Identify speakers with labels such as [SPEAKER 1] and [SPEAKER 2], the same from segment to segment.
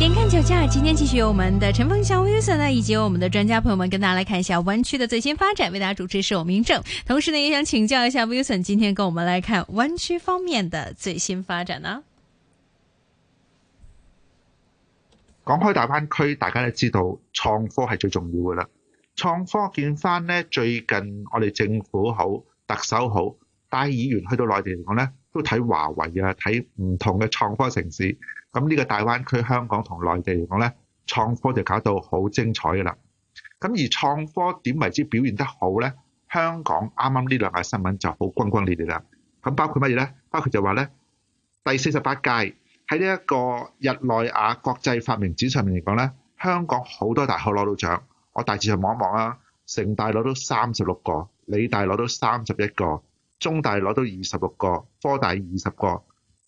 [SPEAKER 1] 連看九價，今天繼續由我們的陳鳳祥 Wilson 以及我們的專家朋友們跟大家來看一下灣區的最新發展。為大家主持是我明正，同時呢，也想請教一下 Wilson，今天跟我們來看灣區方面的最新發展呢，啊？
[SPEAKER 2] 講開大灣區，大家都知道創科係最重要嘅啦。創科見翻呢，最近我哋政府好，特首好，帶議員去到內地嚟講呢，都睇華為啊，睇唔同嘅創科城市。咁呢個大灣區，香港同內地嚟講呢，創科就搞到好精彩噶啦。咁而創科點為之表現得好呢？香港啱啱呢兩個新聞就好轟轟烈烈啦。咁包括乜嘢呢？包括就話呢，第四十八屆喺呢一個日內瓦國際發明展上面嚟講呢，香港好多大學攞到獎。我大致上望一望啊，城大攞到三十六個，理大攞到三十一個，中大攞到二十六個，科大二十個，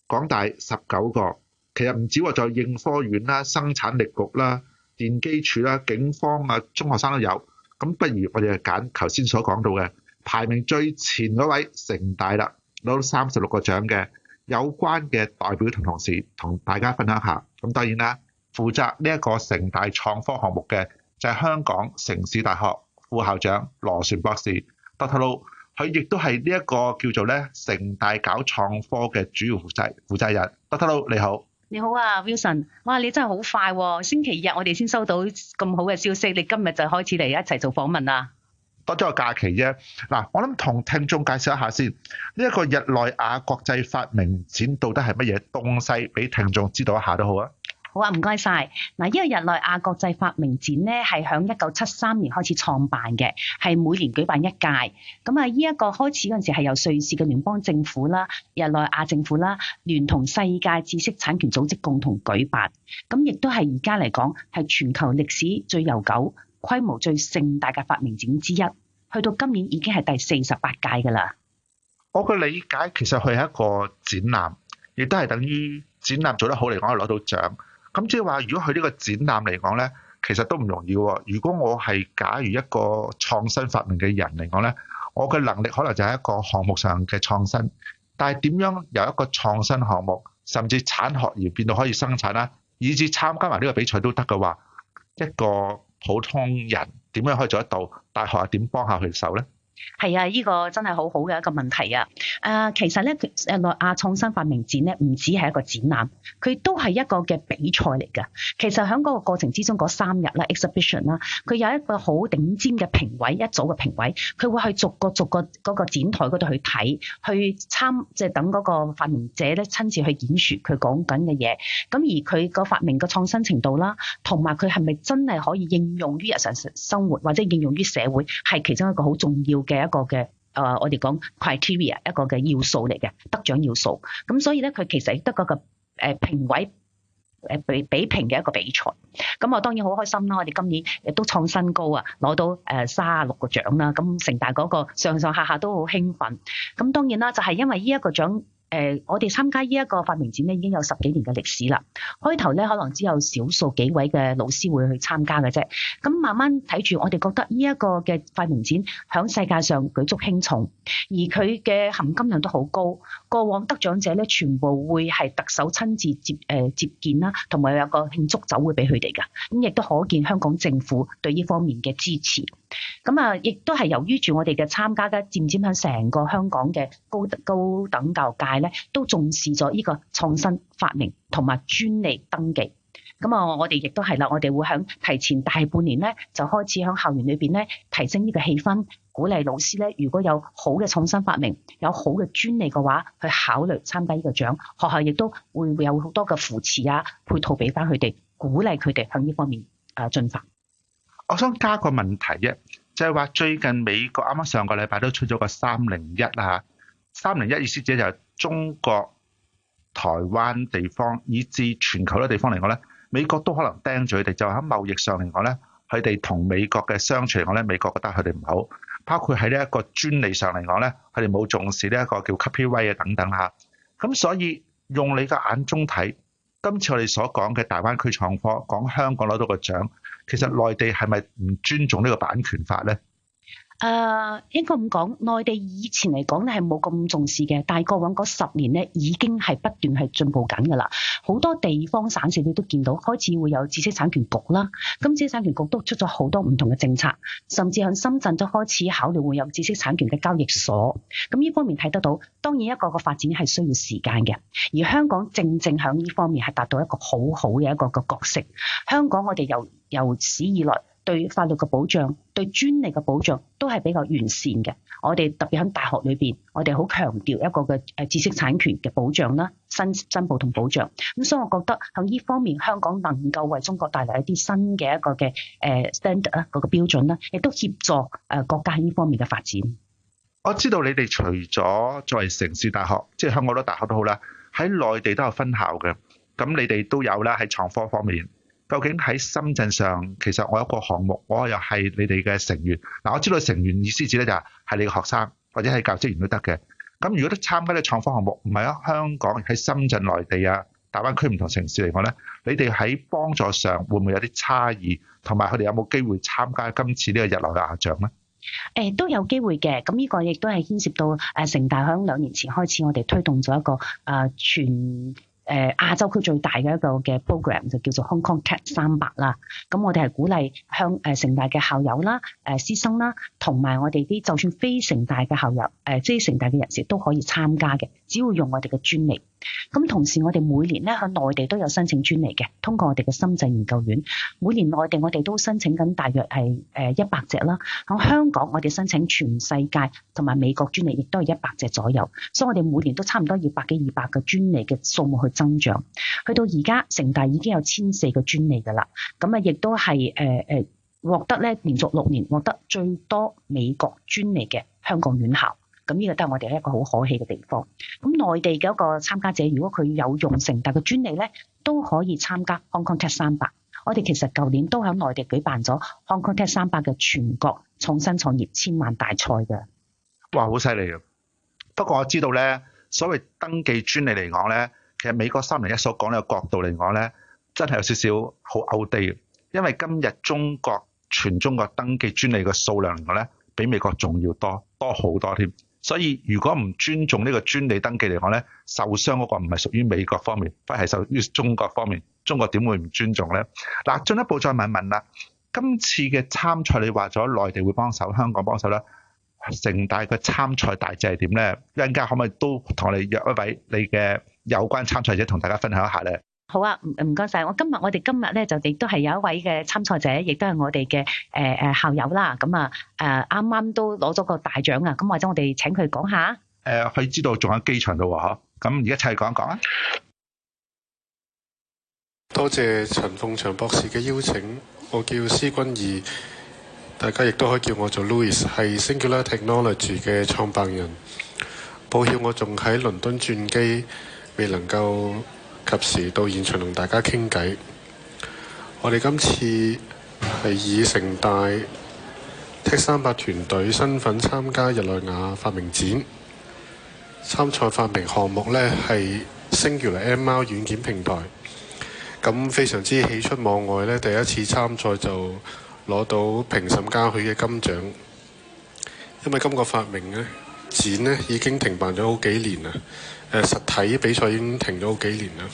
[SPEAKER 2] 港大十九個。其實唔止話在應科院啦、生產力局啦、電機處啦、警方啊、中學生都有。咁不如我哋揀頭先所講到嘅排名最前嗰位城大啦，攞到三十六個獎嘅有關嘅代表同同事同大家分享下。咁當然啦，負責呢一個城大創科項目嘅就係香港城市大學副校長羅璇博士。Dr. Lo，佢亦都係呢一個叫做咧城大搞創科嘅主要負責負責人。Dr. Lo，你好。
[SPEAKER 1] 你好啊，Wilson，哇，你真係好快喎、哦！星期日我哋先收到咁好嘅消息，你今日就開始嚟一齊做訪問啦。
[SPEAKER 2] 多咗個假期啫。嗱，我諗同聽眾介紹一下先，呢、這、一個日內瓦國際發明展到底係乜嘢東西，俾聽眾知道一下都好啊。
[SPEAKER 1] 好啊，唔該晒。嗱，依個日內亞國際發明展咧，係響一九七三年開始創辦嘅，係每年舉辦一屆。咁啊，呢一個開始嗰陣時係由瑞士嘅聯邦政府啦、日內亞政府啦，聯同世界知識產權組織共同舉辦。咁亦都係而家嚟講係全球歷史最悠久、規模最盛大嘅發明展之一。去到今年已經係第四十八屆㗎啦。
[SPEAKER 2] 我嘅理解其實佢係一個展覽，亦都係等於展覽做得好嚟講係攞到獎。咁即係話，如果佢呢個展覽嚟講呢，其實都唔容易喎。如果我係假如一個創新發明嘅人嚟講呢，我嘅能力可能就係一個項目上嘅創新，但係點樣由一個創新項目甚至產學而變到可以生產啦，以至參加埋呢個比賽都得嘅話，一個普通人點樣可以做得到？
[SPEAKER 1] 大學又點幫下佢手呢？係啊，呢、這個真係好好嘅一個問題啊！誒、呃，其實咧，誒、啊，內亞創新發明展咧，唔止係一個展覽，佢都係一個嘅比賽嚟㗎。其實喺嗰個過程之中，嗰三日啦，exhibition 啦，佢有一個好頂尖嘅評委，一組嘅評委，佢會去逐個逐個嗰個展台嗰度去睇，去參，即、就、係、是、等嗰個發明者咧親自去演說佢講緊嘅嘢。咁而佢個發明嘅創新程度啦，同埋佢係咪真係可以應用於日常生活，或者應用於社會，係其中一個好重要。嘅一個嘅，誒，我哋講 criteria 一個嘅要素，嚟嘅得獎要素，咁所以咧，佢其實亦都嗰個誒評委誒比比評嘅一個比賽，咁我當然好開心啦！我哋今年亦都創新高啊，攞到誒卅六個獎啦！咁城大嗰個上上下下都好興奮，咁當然啦，就係、是、因為呢一個獎。誒，我哋參加呢一個發明展咧，已經有十幾年嘅歷史啦。開頭咧，可能只有少數幾位嘅老師會去參加嘅啫。咁慢慢睇住，我哋覺得呢一個嘅發明展喺世界上舉足輕重，而佢嘅含金量都好高。過往得獎者咧，全部會係特首親自接誒、呃、接見啦，同埋有個慶祝酒會俾佢哋嘅。咁亦都可見香港政府對呢方面嘅支持。咁啊，亦都係由於住我哋嘅參加嘅，漸漸喺成個香港嘅高高等教界咧，都重視咗呢個創新發明同埋專利登記。咁啊！我哋亦都係啦，我哋會響提前大半年咧，就開始響校園裏邊咧提升呢個氣氛，鼓勵老師咧，如果有好嘅創新發明，有好嘅專利嘅話，去考慮參加呢個獎。學校亦都會有好多嘅扶持啊，配套俾翻佢哋，鼓勵佢哋向呢方面啊進發。
[SPEAKER 2] 我想加個問題啫，就係話最近美國啱啱上個禮拜都出咗個三零一啊，三零一意思者就係中國、台灣地方以至全球嘅地方嚟講咧。美國都可能盯住佢哋，就喺貿易上嚟講咧，佢哋同美國嘅商場嚟講咧，美國覺得佢哋唔好，包括喺呢一個專利上嚟講咧，佢哋冇重視呢一個叫 CPV 啊等等嚇，咁所以用你嘅眼中睇，今次我哋所講嘅大灣區創科，講香港攞到個獎，其實內地係咪唔尊重呢個版權法
[SPEAKER 1] 咧？誒、uh, 應該咁講，內地以前嚟講咧係冇咁重視嘅，但係過往嗰十年咧已經係不斷係進步緊㗎啦。好多地方省市你都見到開始會有知識產權局啦，咁知識產權局都出咗好多唔同嘅政策，甚至喺深圳都開始考慮會有知識產權嘅交易所。咁呢方面睇得到，當然一個個發展係需要時間嘅，而香港正正喺呢方面係達到一個好好嘅一個個角色。香港我哋由由始以來，對法律嘅保障，對專利嘅保障都係比較完善嘅。我哋特別喺大學裏邊，我哋好強調一個嘅誒知識產權嘅保障啦、申報同保障。咁所以，我覺得喺呢方面，香港能夠為中國帶來一啲新嘅一個嘅誒 standard 咧，嗰個標準啦，亦都協助誒國家喺呢方面嘅發展。
[SPEAKER 2] 我知道你哋除咗作為城市大學，即係香港多大學都好啦，喺內地都有分校嘅。咁你哋都有啦，喺創科方面。究竟喺深圳上，其實我有一個項目，我又係你哋嘅成員。嗱，我知道成員意思指咧就係、是、係你嘅學生或者係教職員都得嘅。咁如果都參加呢個創科項目，唔係喺香港喺深圳、內地啊、大灣區唔同城市嚟講咧，你哋喺幫助上會唔會有啲差異？同埋佢哋有冇機會參加今次呢個日立嘅亞獎咧？
[SPEAKER 1] 誒、欸，都有機會嘅。咁呢個亦都係牽涉到誒、呃、城大喺兩年前開始，我哋推動咗一個誒、呃、全。誒、呃、亞洲區最大嘅一個嘅 program 就叫做 Hong Kong Tech 300啦，咁我哋係鼓勵向誒城大嘅校友啦、誒、呃、師生啦，同埋我哋啲就算非城大嘅校友、誒非城大嘅人士都可以參加嘅，只要用我哋嘅專利。咁同時，我哋每年咧喺內地都有申請專利嘅，通過我哋嘅深圳研究院，每年內地我哋都申請緊大約係誒一百隻啦。喺香港，我哋申請全世界同埋美國專利，亦都係一百隻左右。所以我哋每年都差唔多要百幾二百個專利嘅數目去增長。去到而家，城大已經有千四個專利㗎啦。咁啊，亦都係誒誒獲得咧連續六年獲得最多美國專利嘅香港院校。咁呢個都係我哋一個好可喜嘅地方。咁內地嘅一個參加者，如果佢有用城大嘅個專利咧都可以參加 Hong Kong Tech 三百。我哋其實舊年都喺內地舉辦咗 Hong Kong Tech 三百嘅全國創新創業千萬大賽嘅。
[SPEAKER 2] 哇！好犀利啊！不過我知道咧，所謂登記專利嚟講咧，其實美國三零一所講嘅角度嚟講咧，真係有少少好 outdate，因為今日中國全中國登記專利嘅數量嚟講咧，比美國仲要多多好多添。所以如果唔尊重呢個專利登記嚟講呢，受傷嗰個唔係屬於美國方面，反而係屬於中國方面。中國點會唔尊重呢？嗱，進一步再問一問啦，今次嘅參賽你話咗內地會幫手，香港幫手啦。成大嘅參賽大致係點呢？陣間可唔可以都同我哋約一位你嘅有關參賽者同大家分享一下呢？
[SPEAKER 1] 好啊，唔唔該晒。我今日我哋今日咧就亦都係有一位嘅參賽者，亦都係我哋嘅，誒誒校友啦。咁啊誒，啱啱都攞咗個大獎啊！咁或者我哋請佢講下。
[SPEAKER 2] 誒，佢知道仲喺機場度嗬。咁而家一齊講一講啊。
[SPEAKER 3] 多謝陳鳳祥博士嘅邀請，我叫施君易，大家亦都可以叫我做 Louis，係 Singularity Technology 嘅創辦人。抱歉，我仲喺倫敦轉機，未能夠及時到現場同大家傾偈。我哋今次係以城大 T38 團隊身份參加日內瓦發明展，參賽發明項目呢係 s i n g u t 貓軟件平台。咁非常之喜出望外呢第一次參賽就攞到評審嘉許嘅金獎。因為今個發明呢展呢已經停辦咗好幾年啦。實體比賽已經停咗好幾年啦，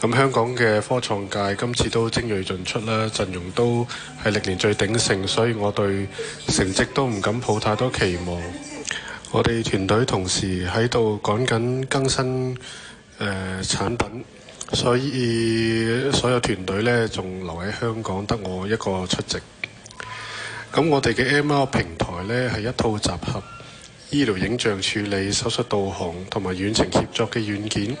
[SPEAKER 3] 咁香港嘅科創界今次都精鋭盡出啦，陣容都係歷年最鼎盛，所以我對成績都唔敢抱太多期望。我哋團隊同時喺度趕緊更新誒、呃、產品，所以所有團隊咧仲留喺香港，得我一個出席。咁我哋嘅 MR 平台咧係一套集合醫療影像處理、手術導航同埋遠程協作嘅軟件。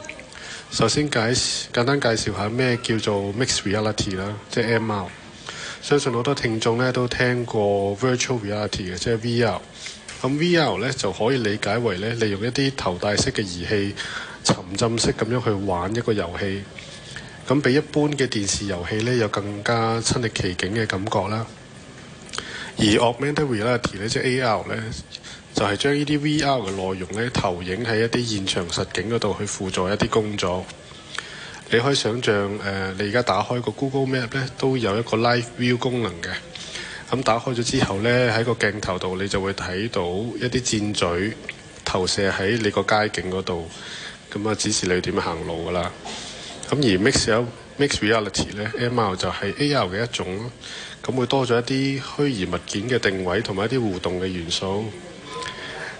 [SPEAKER 3] 首先簡單介紹一下咩叫做 Mixed Reality 啦，即係 M R。相信好多聽眾咧都聽過 Virtual Reality 嘅，即係 V R。咁 V R 咧就可以理解為咧，利用一啲頭戴式嘅儀器、沉浸式咁樣去玩一個遊戲。咁比一般嘅電視遊戲咧，有更加親歷其境嘅感覺啦。而 Augmented Reality 咧，即係 A R 咧。就係將呢啲 VR 嘅內容呢，投影喺一啲現場實景嗰度去輔助一啲工作。你可以想象誒、呃，你而家打開個 Google Map 咧，都有一個 Live View 功能嘅。咁打開咗之後呢，喺個鏡頭度你就會睇到一啲箭嘴投射喺你個街景嗰度，咁啊指示你點行路噶啦。咁而 Mixed Mixed Reality 呢 MR 就係 AR 嘅一種咯。咁會多咗一啲虛擬物件嘅定位同埋一啲互動嘅元素。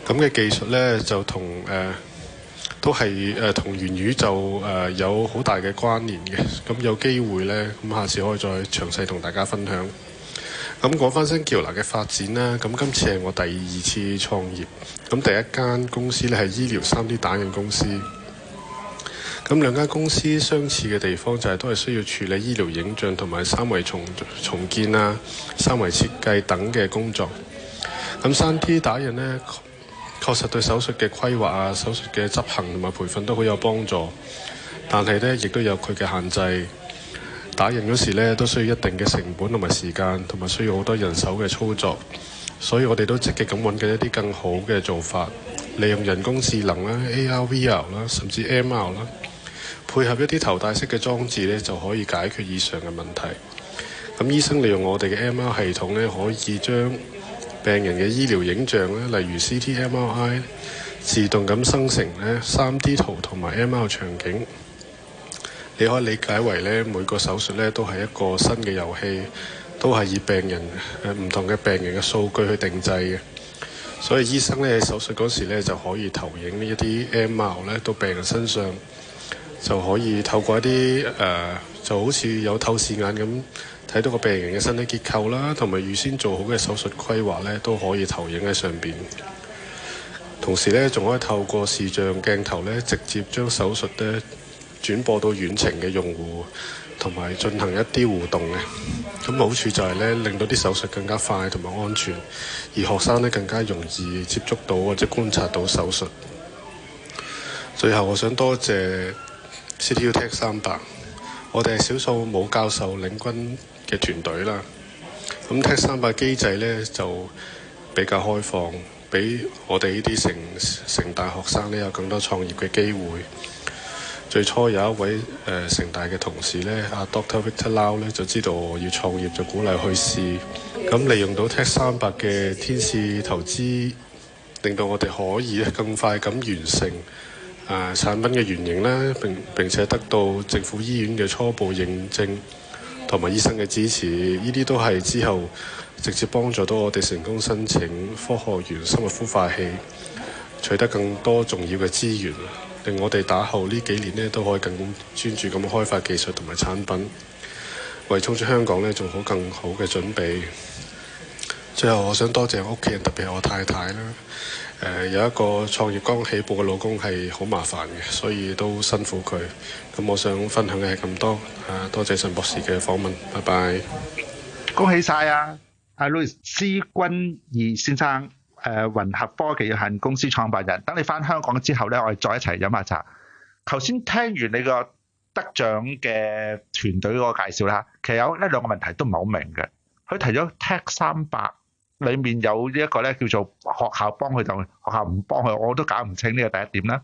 [SPEAKER 3] 咁嘅技術呢，就同誒、呃、都係誒同元宇宙就誒、呃、有好大嘅關聯嘅。咁有機會呢，咁下次可以再詳細同大家分享。咁講返聲橋嗱嘅發展啦。咁今次係我第二次創業，咁第一間公司咧係醫療三 D 打印公司。咁兩間公司相似嘅地方就係都係需要處理醫療影像同埋三維重重建啊、三維設計等嘅工作。咁三 D 打印呢，確實對手術嘅規劃啊、手術嘅執行同埋培訓都好有幫助，但係呢亦都有佢嘅限制。打印嗰時呢，都需要一定嘅成本同埋時間，同埋需要好多人手嘅操作。所以我哋都積極咁揾緊一啲更好嘅做法，利用人工智能啦、AR、VR 啦，甚至 ML 啦，配合一啲頭戴式嘅裝置呢，就可以解決以上嘅問題。咁醫生利用我哋嘅 ML 系統呢，可以將病人嘅醫療影像，例如 CT、MRI，自動咁生成呢三 D 圖同埋 ML 場景，你可以理解為呢每個手術呢都係一個新嘅遊戲，都係以病人唔、呃、同嘅病人嘅數據去定製。嘅。所以醫生呢喺手術嗰時就可以投影呢一啲 ML 呢到病人身上，就可以透過一啲、呃、就好似有透視眼咁。睇到個病人嘅身體結構啦，同埋預先做好嘅手術規劃咧，都可以投影喺上面。同時咧，仲可以透過視像鏡頭咧，直接將手術咧轉播到遠程嘅用戶，同埋進行一啲互動嘅。咁好處就係咧，令到啲手術更加快同埋安全，而學生咧更加容易接觸到或者觀察到手術。最後，我想多謝 CityU Tech 三百，我哋係少數冇教授領軍。嘅團隊啦，咁 Tech 三百機制咧就比較開放，畀我哋呢啲城城大學生咧有更多創業嘅機會。最初有一位誒城、呃、大嘅同事咧，阿 Doctor Victor Lau 咧就知道我要創業，就鼓勵去試。咁利用到 Tech 三百嘅天使投資，令到我哋可以更快咁完成啊、呃、產品嘅原型啦，並並且得到政府醫院嘅初步認證。同埋醫生嘅支持，呢啲都係之後直接幫助到我哋成功申請科學園生物孵化器，取得更多重要嘅資源，令我哋打後呢幾年都可以更專注咁開發技術同埋產品，為衝出香港做好更好嘅準備。最後，我想多謝屋企人，特別係我太太啦。誒、呃、有一個創業剛起步嘅老公係好麻煩嘅，所以都辛苦佢。咁我想分享嘅係咁多。誒、啊、多謝陳博士嘅訪問，拜拜。
[SPEAKER 2] 恭喜晒啊！阿 Louis 施君易先生，誒、呃、雲合科技有限公司創辦人。等你返香港之後咧，我哋再一齊飲下茶。頭先聽完你個得獎嘅團隊嗰個介紹啦，其實有呢兩個問題都唔係好明嘅。佢提咗 Tech 三百。裏面有呢一個咧叫做學校幫佢就，學校唔幫佢，我都搞唔清呢個第一點啦。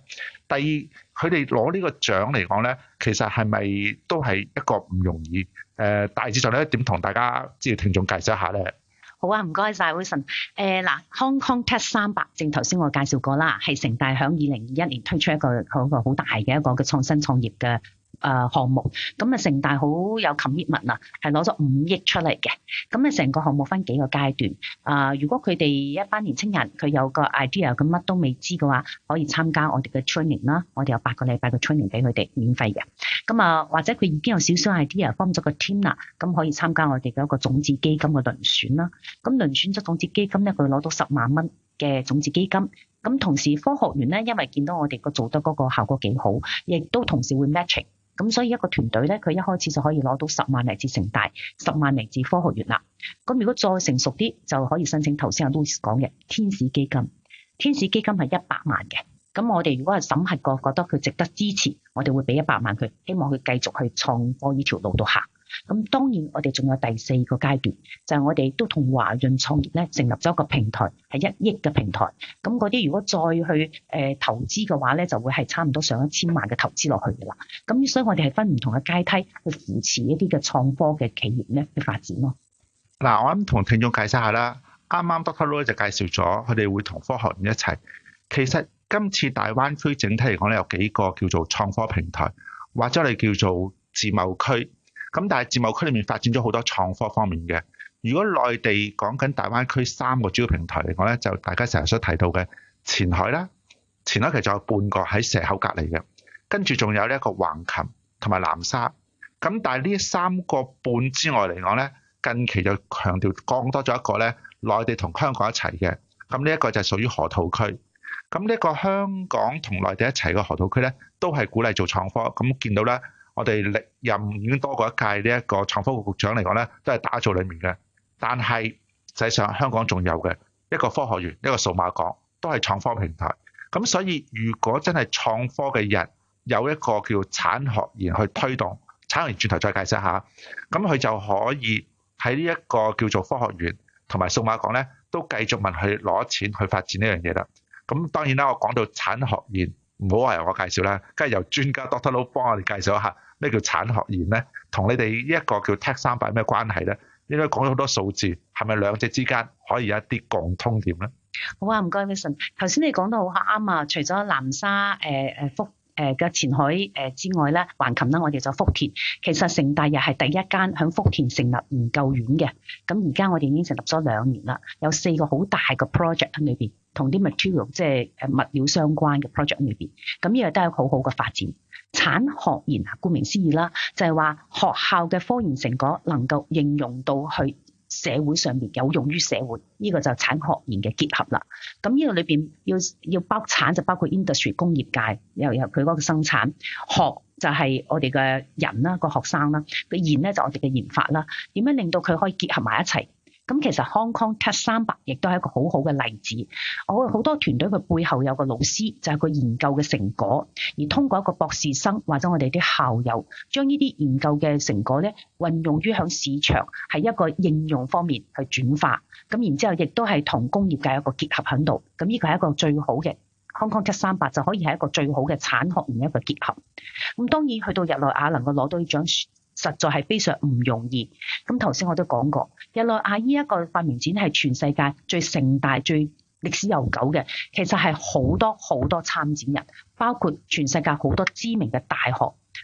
[SPEAKER 2] 第二，佢哋攞呢個獎嚟講咧，其實係咪都係一個唔容易？誒，大致上咧點同大家即係聽眾介紹一下咧？
[SPEAKER 1] 好啊，唔該晒 Wilson。誒嗱，HK Tech 三百，欸、300, 正頭先我介紹過啦，係城大響二零二一年推出一個嗰個好大嘅一個嘅創新創業嘅。誒，項目咁啊，城大好有 commitment 啊，係攞咗五億出嚟嘅。咁啊，成個項目分幾個階段啊，呃，如果佢哋一班年青人，佢有個 idea，咁乜都未知嘅話，可以參加我哋嘅 training 啦。我哋有八個禮拜嘅 training 俾佢哋免費嘅。咁啊，或者佢已經有少少 idea，form 咗個 team 啦，咁可以參加我哋嘅一個種子基金嘅輪選啦。咁輪選即係種子基金咧，佢攞到十萬蚊嘅種子基金。咁同時，科學員咧，因為見到我哋個做得嗰個效果幾好，亦都同時會 matching。咁所以一個團隊咧，佢一開始就可以攞到十萬嚟自城大，十萬嚟自科學院啦。咁如果再成熟啲，就可以申請頭先阿 Louis 講嘅天使基金。天使基金係一百萬嘅。咁我哋如果係審核過，覺得佢值得支持，我哋會俾一百萬佢，希望佢繼續去創科呢條路度行。咁當然，我哋仲有第四個階段，就係我哋都同華潤創業咧成立咗一個平台，係一億嘅平台。咁嗰啲如果再去誒投資嘅話咧，就會係差唔多上一千萬嘅投資落去嘅啦。咁所以我哋係分唔同嘅階梯去扶持一啲嘅創科嘅企業咧嘅發展咯。嗱，我啱同聽眾解釋下啦，啱啱 doctor
[SPEAKER 2] 羅就介紹咗佢哋會同科學院一齊。其實今次大灣區整體嚟講咧，有幾個叫做創科平台，或者你叫做自貿區。咁但係，自貿區裏面發展咗好多創科方面嘅。如果內地講緊大灣區三個主要平台嚟講咧，就大家成日所提到嘅前海啦，前海其實有半個喺蛇口隔籬嘅，跟住仲有呢一個橫琴同埋南沙。咁但係呢三個半之外嚟講咧，近期就強調降多咗一個咧，內地同香港一齊嘅。咁呢一個就係屬於河套區。咁呢一個香港同內地一齊嘅河套區咧，都係鼓勵做創科。咁見到咧。我哋歷任已經多過一屆呢一個創科局局長嚟講咧，都係打造裡面嘅。但係實際上香港仲有嘅一個科學園，一個數碼港，都係創科平台。咁所以如果真係創科嘅人有一個叫產學研去推動，產學研轉頭再解釋下，咁佢就可以喺呢一個叫做科學園同埋數碼港咧，都繼續問佢攞錢去發展呢樣嘢啦。咁當然啦，我講到產學研。唔好話由我介紹啦，梗係由專家 Doctor 羅幫我哋介紹一下咩叫產學研咧，同你哋呢一個叫 Tech 三百有咩關係咧？應該講咗好多數字，係咪兩者之間可以有一啲共
[SPEAKER 1] 通點咧？好啊，唔該，Vincent，頭先你講得好啱啊，除咗南沙誒誒、呃、福。誒嘅、呃、前海誒之外咧，橫琴啦，我哋就福田。其實城大又係第一間喺福田成立研究院嘅。咁而家我哋已經成立咗兩年啦，有四個好大嘅 project 喺裏邊，同啲 material 即係誒物料相關嘅 project 喺裏邊。咁呢個都係好好嘅發展。產學研啊，顧名思義啦，就係、是、話學校嘅科研成果能夠應用到去。社會上面有用於社會，呢、這個就是產學研嘅結合啦。咁、這、呢個裏面要包產就包括 industry 工業界，又有佢嗰個生產，學就係我哋嘅人啦，個學生啦，個研咧就我哋嘅研發啦，點樣令到佢可以結合埋一齊？咁其實 Hong Kong Tech 三百亦都係一個好好嘅例子。我好多團隊嘅背後有個老師，就係個研究嘅成果，而通過一個博士生或者我哋啲校友，將呢啲研究嘅成果咧運用於向市場係一個應用方面去轉化。咁然之後亦都係同工業界有一個結合響度。咁呢個係一個最好嘅 Hong Kong Tech 三百就可以係一個最好嘅產學研的一個結合。咁當然去到日內瓦能夠攞到呢張書。實在係非常唔容易。咁頭先我都講過，日內亞呢一個發明展係全世界最盛大、最歷史悠久嘅。其實係好多好多參展人，包括全世界好多知名嘅大學，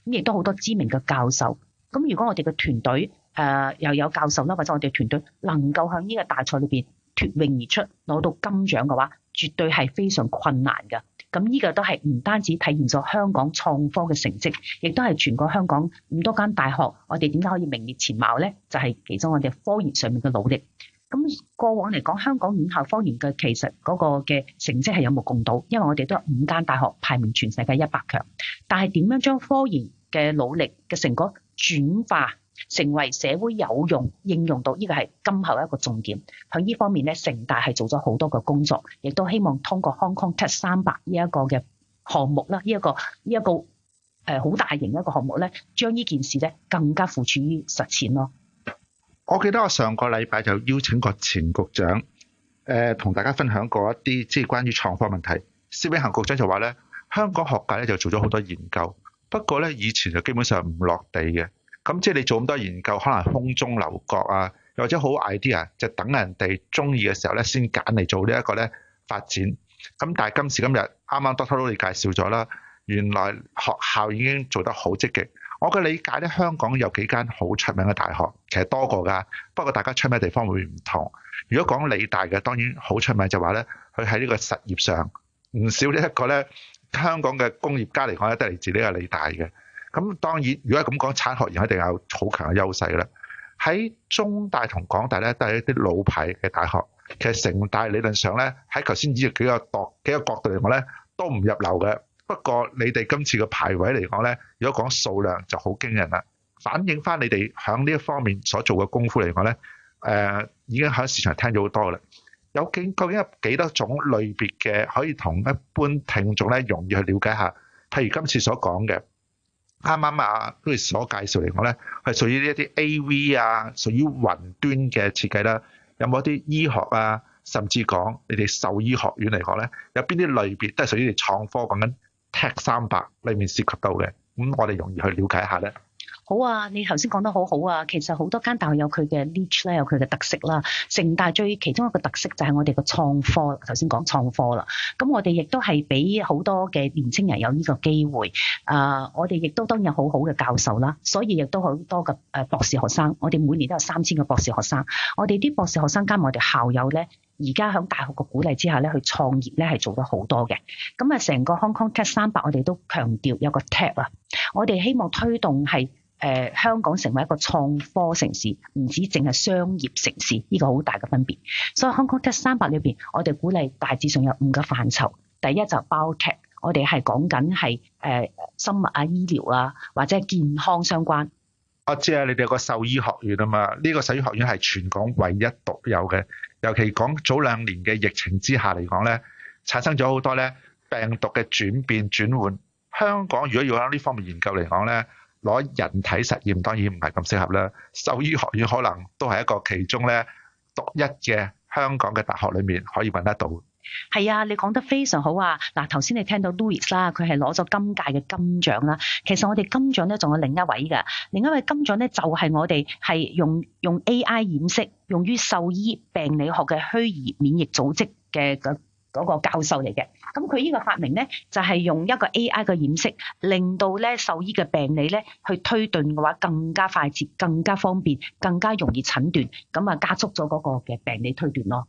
[SPEAKER 1] 咁亦都好多知名嘅教授。咁如果我哋嘅團隊誒又有教授啦，或者我哋嘅團隊能夠喺呢個大賽裏邊脫穎而出攞到金獎嘅話，絕對係非常困難嘅。咁呢個都係唔單止體現咗香港創科嘅成績，亦都係全個香港咁多間大學，我哋點解可以名列前茅咧？就係其中我哋科研上面嘅努力。咁過往嚟講，香港院校科研嘅其實嗰個嘅成績係有目共睹，因為我哋都有五間大學排名全世界一百強。但係點樣將科研嘅努力嘅成果轉化？成為社會有用，應用到，呢個係今後一個重點。喺呢方面咧，城大係做咗好多嘅工作，亦都希望通過 Hong Kong Tech 300呢一個嘅項目啦，呢一個呢一個誒好大型一個項目咧，將呢件事咧更加付諸於實踐咯。
[SPEAKER 2] 我記得我上個禮拜就邀請過前局長誒同、呃、大家分享過一啲即係關於創科問題。薛永恆局長就話咧，香港學界咧就做咗好多研究，的不過咧以前就基本上唔落地嘅。咁即係你做咁多研究，可能空中樓閣啊，又或者好 idea 啊，就等人哋中意嘅時候咧，先揀嚟做呢一個咧發展。咁但係今時今日，啱啱 Dr. Lo 你介紹咗啦，原來學校已經做得好積極。我嘅理解咧，香港有幾間好出名嘅大學，其實多過㗎。不過大家出名嘅地方會唔同。如果講理大嘅，當然好出名就話咧，佢喺呢個實業上，唔少呢一個咧，香港嘅工業家嚟講咧，都係嚟自呢個理大嘅。咁當然，如果咁講，產學研一定有好強嘅優勢嘅啦。喺中大同港大咧，都係一啲老牌嘅大學。其實城大理論上咧，喺頭先以幾個度幾個角度嚟講咧，都唔入流嘅。不過你哋今次嘅排位嚟講咧，如果講數量就好驚人啦。反映翻你哋喺呢一方面所做嘅功夫嚟講咧，誒、呃、已經喺市場聽咗好多嘅啦。有幾究竟有幾多種類別嘅可以同一般聽眾咧容易去了解下？譬如今次所講嘅。啱啱啊，跟住所介紹嚟講咧，係屬於一啲 A.V. 啊，屬於雲端嘅設計啦。有冇一啲醫學啊，甚至講你哋獸醫學院嚟講咧，有邊啲類別都係屬於你創科講緊 Tech 三百裏面涉及到嘅？咁我哋容易去了解一下咧。
[SPEAKER 1] 好啊！你頭先講得好好啊，其實好多間大學有佢嘅 niche 咧，有佢嘅特色啦。城大最其中一個特色就係我哋個創科，頭先講創科啦。咁我哋亦都係俾好多嘅年青人有呢個機會。啊、呃，我哋亦都當然有好好嘅教授啦，所以亦都好多嘅博士學生。我哋每年都有三千個博士學生。我哋啲博士學生加埋我哋校友咧，而家喺大學嘅鼓勵之下咧，去創業咧係做得好多嘅。咁啊，成個 Hong Kong Tech 三百，我哋都強調有個 tap 啊，我哋希望推動係。誒、呃，香港成為一個創科城市，唔止淨係商業城市，呢、這個好大嘅分別。所以香港 Tech 300裏邊，我哋鼓勵大致上有五個範疇。第一就包括，我哋係講緊係誒生物啊、醫療啊，或者係健康相關。
[SPEAKER 2] 啊，知係你哋有個獸醫學院啊嘛，呢、這個獸醫學院係全港唯一獨有嘅。尤其講早兩年嘅疫情之下嚟講咧，產生咗好多咧病毒嘅轉變轉換。香港如果要喺呢方面研究嚟講咧，攞人體實驗當然唔係咁適合啦，獸醫學院可能都係一個其中咧獨一嘅香港嘅大學裏面
[SPEAKER 1] 可以揾得到。係啊，你講得非常好啊！嗱，頭先你聽到 Louis 啦，佢係攞咗今屆嘅金獎啦。其實我哋金獎咧仲有另一位㗎，另一位金獎咧就係我哋係用用 AI 染色，用於獸醫病理學嘅虛擬免疫組織嘅嗰個教授嚟嘅，咁佢呢個發明咧就係、是、用一個 A.I. 嘅染色，令到咧獸醫嘅病理咧去推斷嘅話，更加快捷、更加方便、更加容易診斷，咁啊加速咗嗰個嘅病理推斷咯。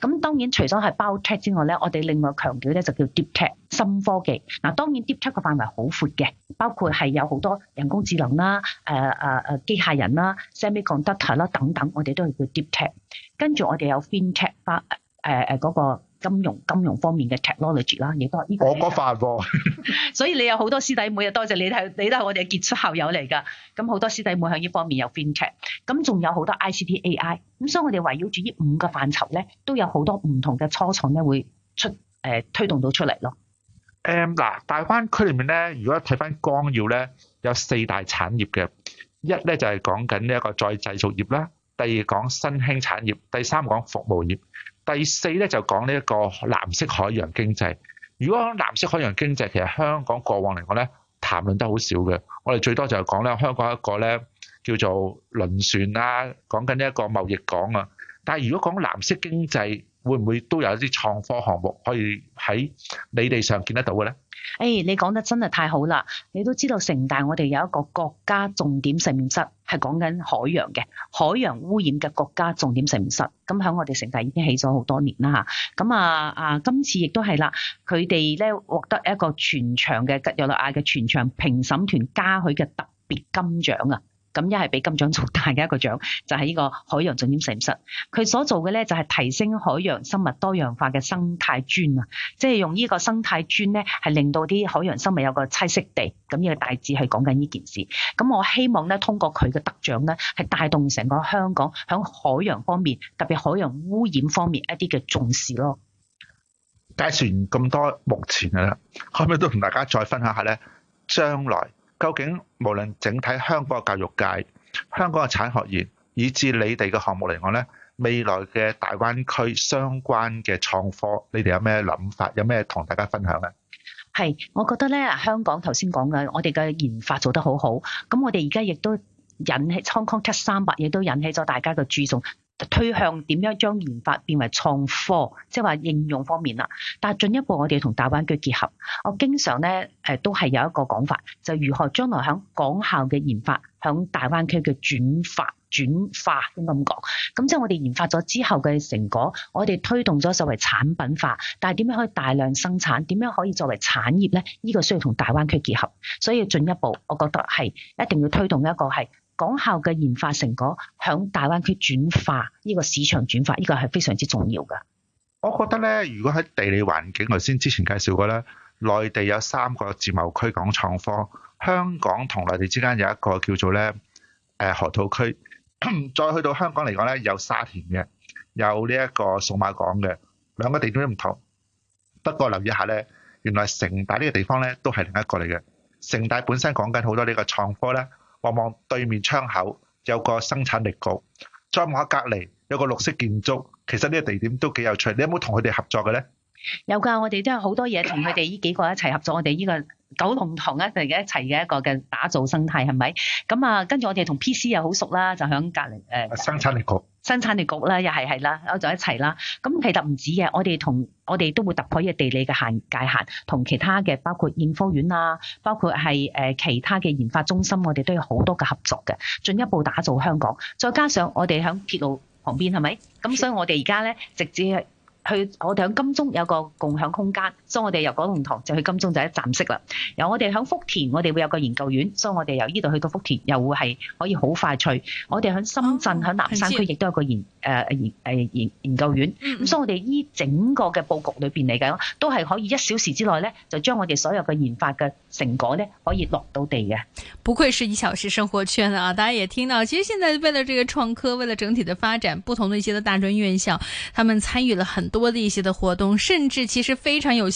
[SPEAKER 1] 咁當然除咗係 BioTech 之外咧，我哋另外強調咧就叫 DeepTech 深科技。嗱，當然 DeepTech 嘅範圍好闊嘅，包括係有好多人工智能啦、誒、呃、誒、啊、機械人啦、semi-conductor 啦等等，我哋都係叫 DeepTech。跟住我哋有 FinTech 嗰金融金融方面嘅 technology 啦，亦都呢、呢個，我 所以你有好多師弟妹， 多謝你係你都係我哋嘅傑出校友嚟㗎。咁好多師弟妹喺呢方面有 fintech，咁仲有好多 ICT AI。咁所以我哋圍繞住呢五個範疇咧，都有好多唔同嘅初創咧，會出誒、呃、推動到出嚟咯。誒嗱、嗯，大灣
[SPEAKER 2] 區裏面咧，如果睇翻綱要咧，有四大產業嘅，一咧就係講緊呢一個再製造業啦，第二講新興產業，第三講服務業。第四咧就講呢一個藍色海洋經濟。如果講藍色海洋經濟其實香港過往嚟講咧，談論得好少嘅。我哋最多就係講咧香港一個咧叫做輪船啦，講緊呢一個貿易港啊。但係如果講藍色經濟，會唔會都有一啲創科項目可以喺你哋上見得到嘅咧？
[SPEAKER 1] 誒，hey, 你講得真係太好啦！你都知道城大我哋有一個國家重點實驗室。係講緊海洋嘅海洋污染嘅國家重點實驗室，咁喺我哋城大已經起咗好多年啦嚇。咁啊啊，今次亦都係啦，佢哋咧獲得一個全場嘅吉約拉亞嘅全場評審團加許嘅特別金獎啊！咁一係比金獎仲大嘅一個獎，就係呢個海洋重點實驗室。佢所做嘅咧，就係提升海洋生物多樣化嘅生態磚啊！即係用呢個生態磚咧，係令到啲海洋生物有個棲息地。咁呢個大致係講緊呢件事。咁我希望咧，通過佢嘅得獎咧，係帶動成個香港響海洋方面，特別海洋污染方面一啲嘅重視咯。
[SPEAKER 2] 介紹完咁多目前嘅啦，可唔可以都同大家再分享下咧？將來。究竟無論整體香港嘅教育界、香港嘅產學研，以至你哋嘅項目嚟講咧，未來嘅大灣區相關嘅創科，你哋有咩諗法？有咩同大家分享咧？
[SPEAKER 1] 係，我覺得咧，香港頭先講嘅，我哋嘅研發做得好好，咁我哋而家亦都引起 HK Tech 300，亦都引起咗大家嘅注重。推向點樣將研發變為創科，即係話應用方面啦。但係進一步，我哋同大灣區結合。我經常咧，誒都係有一個講法，就如何將來響港校嘅研發，響大灣區嘅轉發轉化應該咁講。咁即係我哋研發咗之後嘅成果，我哋推動咗作為產品化，但係點樣可以大量生產？點樣可以作為產業咧？呢個需要同大灣區結合。所以進一步，我覺得係一定要推動一個系。港校嘅研發成果喺大灣區轉化，呢個市場轉化，呢個係非常之重要㗎。
[SPEAKER 2] 我覺得呢，如果喺地理環境，頭先之前介紹過呢，內地有三個自貿區講創科，香港同內地之間有一個叫做呢誒河套區，再去到香港嚟講呢，有沙田嘅，有呢一個數碼港嘅，兩個地點都唔同。不過留意下呢，原來城大呢個地方呢，都係另一個嚟嘅。城大本身講緊好多呢個創科呢。望望對面窗口有個生產力局，再望下隔離有個綠色建築，其實呢個地點都幾有趣，你有冇同佢哋合作嘅咧？
[SPEAKER 1] 有噶，我哋都有好多嘢同佢哋呢幾個一齊合作。我哋呢個九龍塘一齊嘅一齊嘅一個嘅打造生態係咪？咁啊，跟住我哋同 P C 又好熟啦，就響隔籬誒，呃、生產力局，生產力局啦，又係係啦，喺就一齊啦。咁其實唔止嘅，我哋同我哋都會突破呢個地理嘅限界限，同其他嘅包括應科院啊，包括係誒其他嘅研發中心，我哋都有好多嘅合作嘅，進一步打造香港。再加上我哋響鐵路旁邊係咪？咁所以我哋而家咧直接係。去我哋響金鐘有個共享空間。所以我哋由九龍塘就去金鐘就一站式啦。由我哋響福田，我哋會有個研究院，所以我哋由呢度去到福田又會係可以好快脆。我哋響深圳響南山區亦都有個研誒研誒研研究院。咁所以我哋依整個嘅佈局裏邊嚟講，都係可以一小時之內咧，就將我哋所有嘅研發嘅成果咧，可以落到地嘅。不愧是一小時生活圈啊！大家也聽到，其實現在為了這個創科，為了整體嘅發展，不同的一些嘅大專院校，他們參與了很多的一些的活動，甚至其實非常有。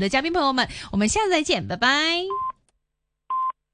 [SPEAKER 1] 的嘉賓朋友們，我們下次再見，拜拜。